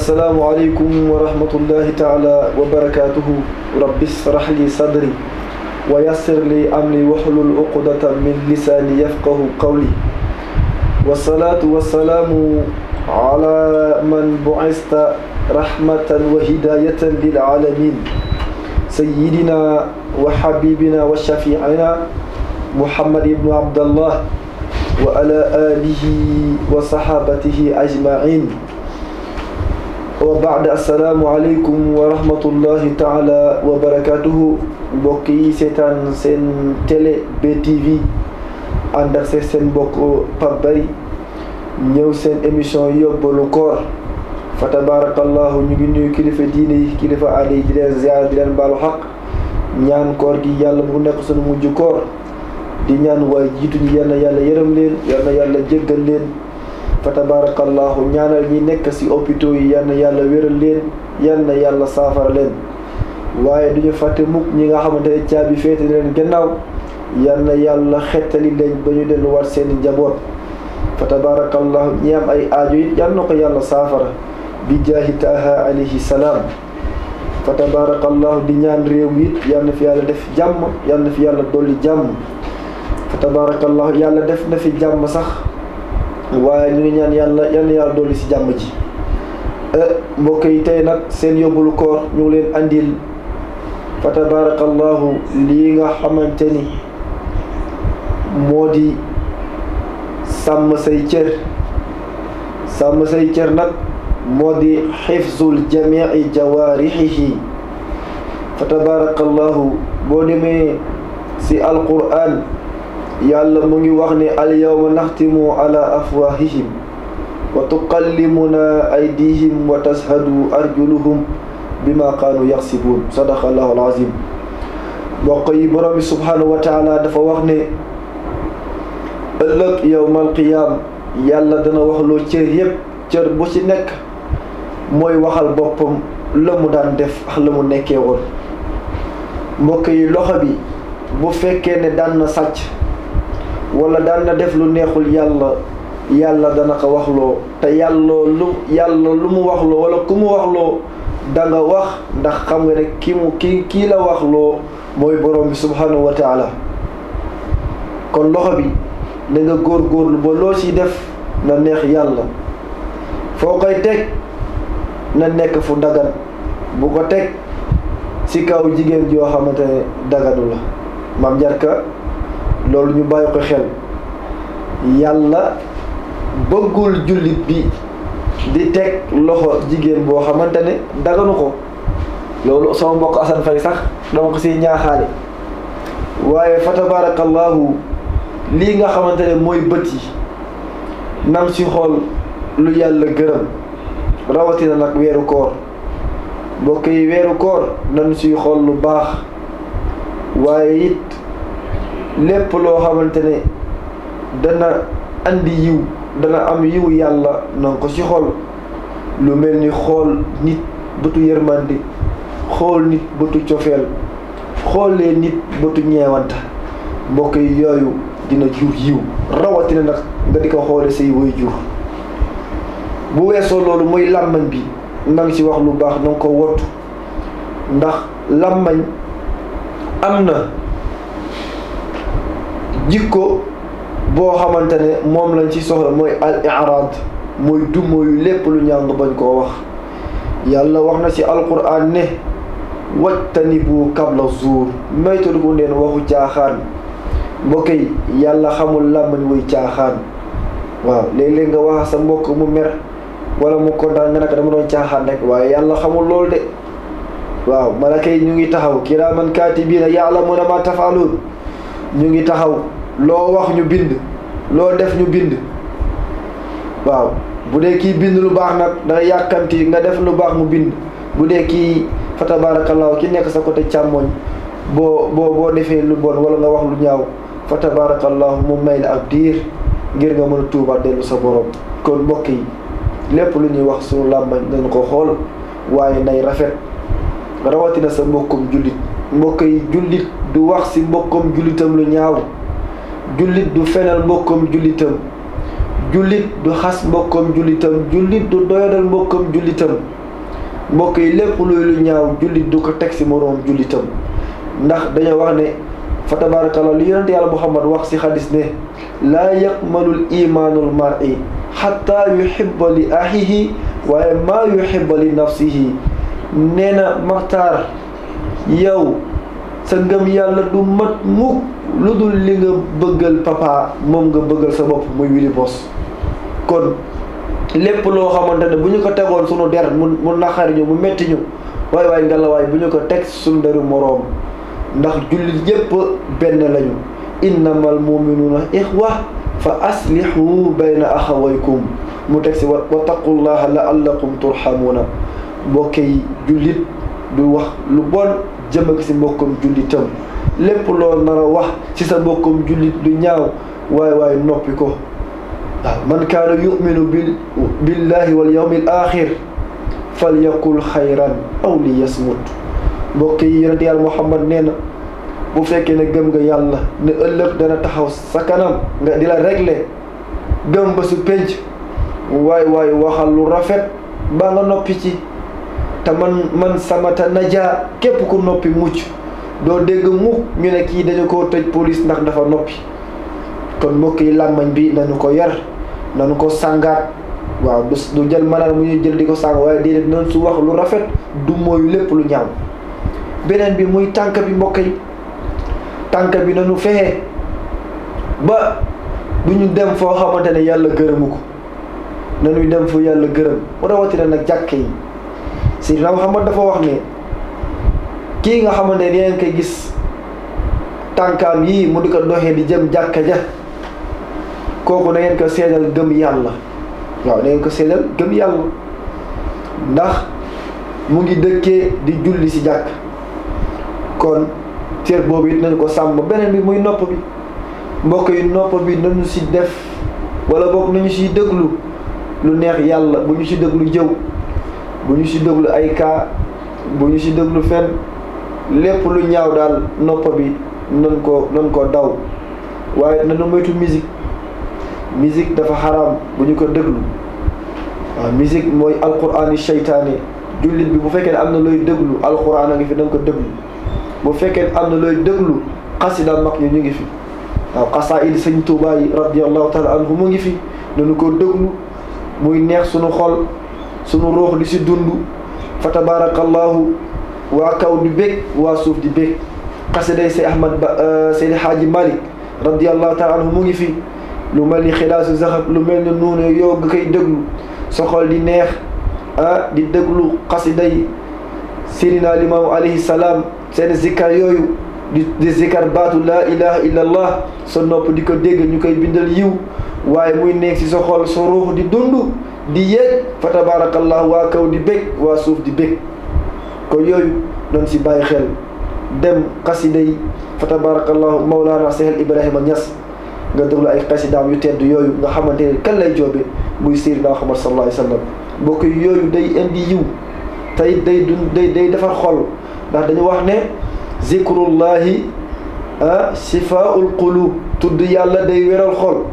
السلام عليكم ورحمة الله تعالى وبركاته رب اشرح لي صدري ويسر لي أمري واحلل عقدة من لساني يفقه قولي والصلاة والسلام على من بعثت رحمة وهداية للعالمين سيدنا وحبيبنا وشفيعنا محمد بن عبد الله وعلى آله وصحابته أجمعين wa baada assalaamu aleykum wa rahmatullahi taala wa barakatuhu mbokk yi seetaan seen tele BTV ànd ak seen mbokk Pape Barry seen émission yóbbalu koor fa tabarakallahu ñu kilifa diine kilifa aada yi di leen ziar xaq ñaan koor gi yàlla mu nekk sunu mujj koor di ñaan waaye jiituñu yal na yàlla yërëm leen yal fa tabarakallahu ñaanal ñi nekk ci hôpitaux yi yal yalla yàlla wéral leen yal na yàlla saafara leen waaye duñu fàtte mukk ñi nga xamante ne caabi féete leen gannaaw yal na xettali leen ba ñu delluwaat njaboot fa tabarakallahu ñi am ay aajo it yal na ko yàlla saafara bi jaahi taaha alayhi salaam fa tabarakallahu di ñaan réew it yal na fi yàlla def jàmm yal na fi yàlla dolli jàmm fa tabarakallahu yàlla def na fi jàmm sax waaye ñu ngi ñaan yàlla yàlla yàlla dolli si jàmm ji eh, mbokk yi tey nag seen yóbbulu koor ñu leen andil fa tabarakallahu lii nga xamante ni moo di sàmm say cër sàmm say cër nag moo di xifzul jamii jawaarixihi fa tabarakallahu boo demee si alquran yàlla mu ngi wax ni al yawma naxtimu ala afwahihim wa ay aydihim wa tashhadu arjuluhum bima kaanu yaxsibuun sadaqallahu alazim mbokk yi borom bi subhaanahu wa dafa wax ne ëllëg yowmal qiyaam yàlla dana wax loo cër yépp cër bu ci nekk mooy waxal boppam la mu daan def ax la mu nekkee woon mbokk yi loxo bi bu fekkee ne daan sàcc wala daan na def lu neexul yàlla yàlla dana ko waxloo te yàlloo lu yàlla lu mu wax waxloo wala ku mu wax loo nga wax ndax xam nga rek kii mu kii kii la waxloo mooy borom bi subhanahu wa taala kon loxo bi na nga góorgóorlu ba loo ci def na neex yàlla foo koy teg na nekk fu dagan bu ko teg ci kaw jigéen joo xamante ne daganu la maam jarka loolu ñu bàyyi ko xel yàlla bëggul jullit bi di teg loxo jigéen ne daganu ko loolu sama mbokk Assane Faye sax dama ko siy ñaaxaale waaye fa tabarakallahu lii nga xamante ne mooy nam si xool lu yàlla rawati rawatina nag weeru koor mbokk yi koor nan siy lu baax it lépp loo xamante ne dana andi yiw dana am yiw yàlla na ko ci xool lu mel ni xool nit bëtu yërmande xool nit bëtu cofeel xoolee nit bëtu ñeewanta mbokk yi yooyu dina jur yiw rawatina nag nga di ko xoole say way jur bu weesoo loolu mooy làmmañ bi na nga ci wax lu baax na ko wottu ndax làmmañ am na jikko boo xamante ne moom lañ ci soxla al i'rad mooy dumóoyu lépp lu ñaaw nga bañ koo wax yàlla wax na alquran ne wajtanibu kabla zuur maytaliku leen waxu caaxaan mbokk yi yàlla xamul làmmañ wuy caaxaan waaw léeg-léeg nga wax sa mbokk mu mer wala mu kontaan nga naka dama doon caaxaan rek waaye yàlla xamul loolu de waaw malaka ñu ngi taxaw ñu ngi taxaw loo wax ñu bind loo def ñu bind waaw bu dee kii bind lu baax nag da yàkkamti nga def lu baax mu bind bu dee kii fa tabaarakallaahu ki nekk sa côté càmmoñ boo boo boo defee lu bon wala nga wax lu ñaaw fa tabaarakallaahu mu may la ak diir ngir nga mën a tuubaat dellu sa borom kon mbokk yi lépp lu ñuy wax suñu làmmañ dañ ko xool waaye nay rafet rawatina sa mbokkum jullit mbokk yi jullit du wax ci mbokkam jullitam lu ñaaw jullit du fenal mbokkam jullitam jullit du xas mbokkam jullitam jullit du doyadal mbokkam jullitam mbokk yi lépp luy lu ñaaw jullit du ko teg ci moroom jullitam ndax dañoo wax ne fa tabarakallah li yonente yàlla muhammad wax ci xadis ne laa yaqmalul imaanul mar'i xataa yuhibba li axihi waaye maa yuhibba li nafsihi nee na maxtaar yow sa ngëm yàlla du mat mukk lu dul li nga bëggal papa moom nga bëggal sa bopp muy Willy Bos kon lépp loo xamante ne bu ñu ko tegoon sunu der mu mu naqari ñu mu metti ñu waay waay ngelawaay bu ñu ko teg sunu deru moroom ndax jullit yépp benn lañu innamal muminuuna ixwa fa aslihu bayna axawaykum mu teg si wa taqullaha laallakum turhamuuna mbokk yi jullit du wax lu bon jëm ak si mbokkam jullitam lépp loo nar a wax ci sa mbokkam jullit du ñaaw waay waay noppi ko waaw man kaana yuminu bi billahi wal yawmil axir fal yaqul xayran aw li yasmut mbokk yi yonent yàlla Muhammad nee na bu fekkee ne gëm nga yàlla ne ëllëg dana taxaw sa kanam nga di la régler gëm ba su penc waay waay waxal lu rafet ba nga noppi ci te man man samata naja képp ku noppi mucc doo dégg mukk ñu ne kii dañu ko tëj police ndax dafa noppi kon mbokk yi làmmañ bi nañu ko yar nañu ko sàngaat waaw du du jël maanaam mu jël di ko sàng waaye di nañ su wax lu rafet du mooyu lépp lu ñaaw beneen bi muy tànk bi mbokk yi tànk bi nañu fexe ba du ñu dem foo xamante yàlla gërëmu ko nañuy dem fu yàlla gërëm rawatina nag jàkk yi Seydina Muhammad dafa wax ne kii nga xamante ne ngeen koy gis tànkaam yii mu di ko doxee di jëm jàkka ja kooku na ko seedal gëm yàlla waaw na ko seedal gëm yàlla ndax mu ngi dëkkee di julli ci jàkk kon cër boobu it nañ ko sàmm beneen bi muy nopp bi mbokk yi nopp bi nañu si def walla boog nañu ci déglu lu neex yàlla bu ñu si déglu jëw bu ñu si déglu ay kaa bu ñu si déglu fenn lépp lu ñaaw daal nopp bi nan ko nan ko daw waaye nanu moytu misik musique dafa xaram bu ñu ko déglu waaw musique mooy alquraan yi seytaane jullit bi bu fekkee am na looy déglu alquraan a ngi fi nan ko déglu bu fekkee ne am na looy déglu xasida mag ñu ñu ngi fi waaw xasaayid sëñ Tuubaa yi radiyallahu taala anhu mu ngi fi nanu ko déglu muy neex sunu xol sunu ruux di si dund fa tabarakallahu waa kaw di bég waa suuf di bég xasiday say ahmad ba euh, seydi xaaji malik radiallahu taala anhu mu ngi fi lu mel ni xilaasu zaxab lu mel ni nuune yow nga koy déglu soxol di neex ah di déglu xasiday sirina limaamu alayhi salaam seen zikkar yooyu di di zikkar baatu laa ilaha illa allah sa nopp di ko dégg ñu koy bindal yiw waaye muy neex si soxol sa ruux di dund di yéeg fa tabaarakallah waa kaw di bég waa suuf di bég ko yooyu doon si bàyyi xel dem xasida yi fa tabaarakallah Mawlana Seyxal Ibrahima ñas nga la ay xasidaam yu tedd yooyu nga xamante ne kan lay joobe muy Seydina Muhammad sallallahu alayhi wa sallam mbokk yooyu day indi yiw tey day du day day defar xol ndax dañu wax ne zikrullahi ah sifaul qulub tudd yàlla day weral xol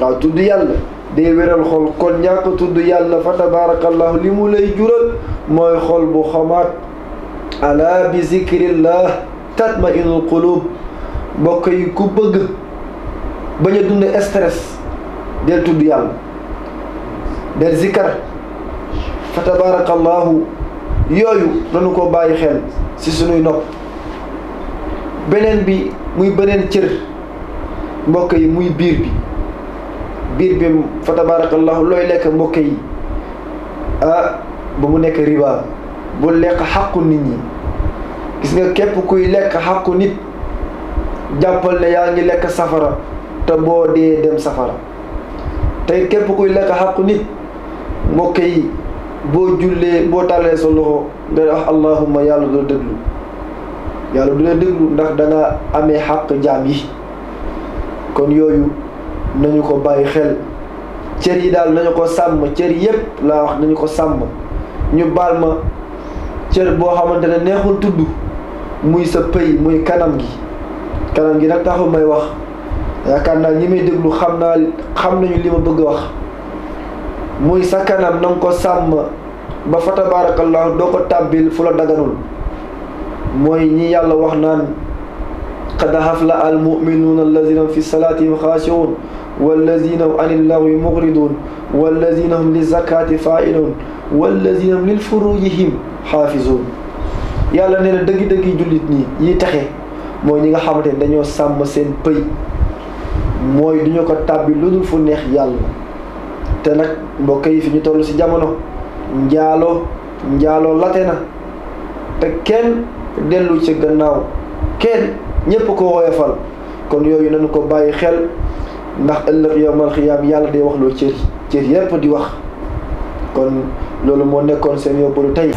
waaw tudd yàlla day wéral xol kon ñàkk tudd yàlla fa tabarakallahu li mu lay jural mooy xol bu xamaat ala bi zikrillah tatma inul qulub mbokk yi ku bëgg bañ a dund stress del tudd yàlla del zikar fa tabarakallahu yooyu nanu ko bàyyi xel ci sunuy nopp beneen bi muy beneen cër mbokk yi muy biir bi biir bi fa tabarakallahu looy lekk mbokk yi ah ba mu nekk riba bu lekk xàqu nit ñi gis nga képp kuy lekk xàqu nit jàppal ne yaa ngi lekk safara te boo dee dem safara te képp kuy lekk xàqu nit mbokk yi boo jullee boo tàllee sa loxo nga wax allahumma yàlla du déglu yàlla du la déglu ndax da nga amee xàq jaam yi kon yooyu nañu ko bàyyi xel cër yi daal nañu ko sàmm cër yëpp laa wax nañu ko sàmm ñu baal ma cër boo xamante ne neexul tudd muy sa pëy muy kanam gi kanam gi nag taxul may wax yaakaar naa ñi may déglu xam naa xam nañu li ma bëgg a wax muy sa kanam na ko sàmm ba fa tabaarakallahu doo ko tàbbil fu la daganul mooy ñi yàlla wax naan qad hafla al muminuuna allazina fi salaatihim xaashiun والذين عن li مغرضون والذين هم للزكاة فاعلون والذين هم للفروجهم حافظون yàlla nee na dëgg-dëgg yi jullit ñi yi texe mooy ñi nga xamante ne dañoo sàmm seen pëy mooy du ñu ko tàbbi lu fu neex yàlla te nag mbokk yi fi ñu toll ci jamono njaaloo njaaloo late na te kenn dellu ci gannaaw kenn ñépp ko woyofal kon yooyu nañu ko bàyyi xel ndax ëllëg yowmal xiyaam yàlla day wax loo cër cër yépp di wax kon loolu moo nekkoon seen yóbbalu tey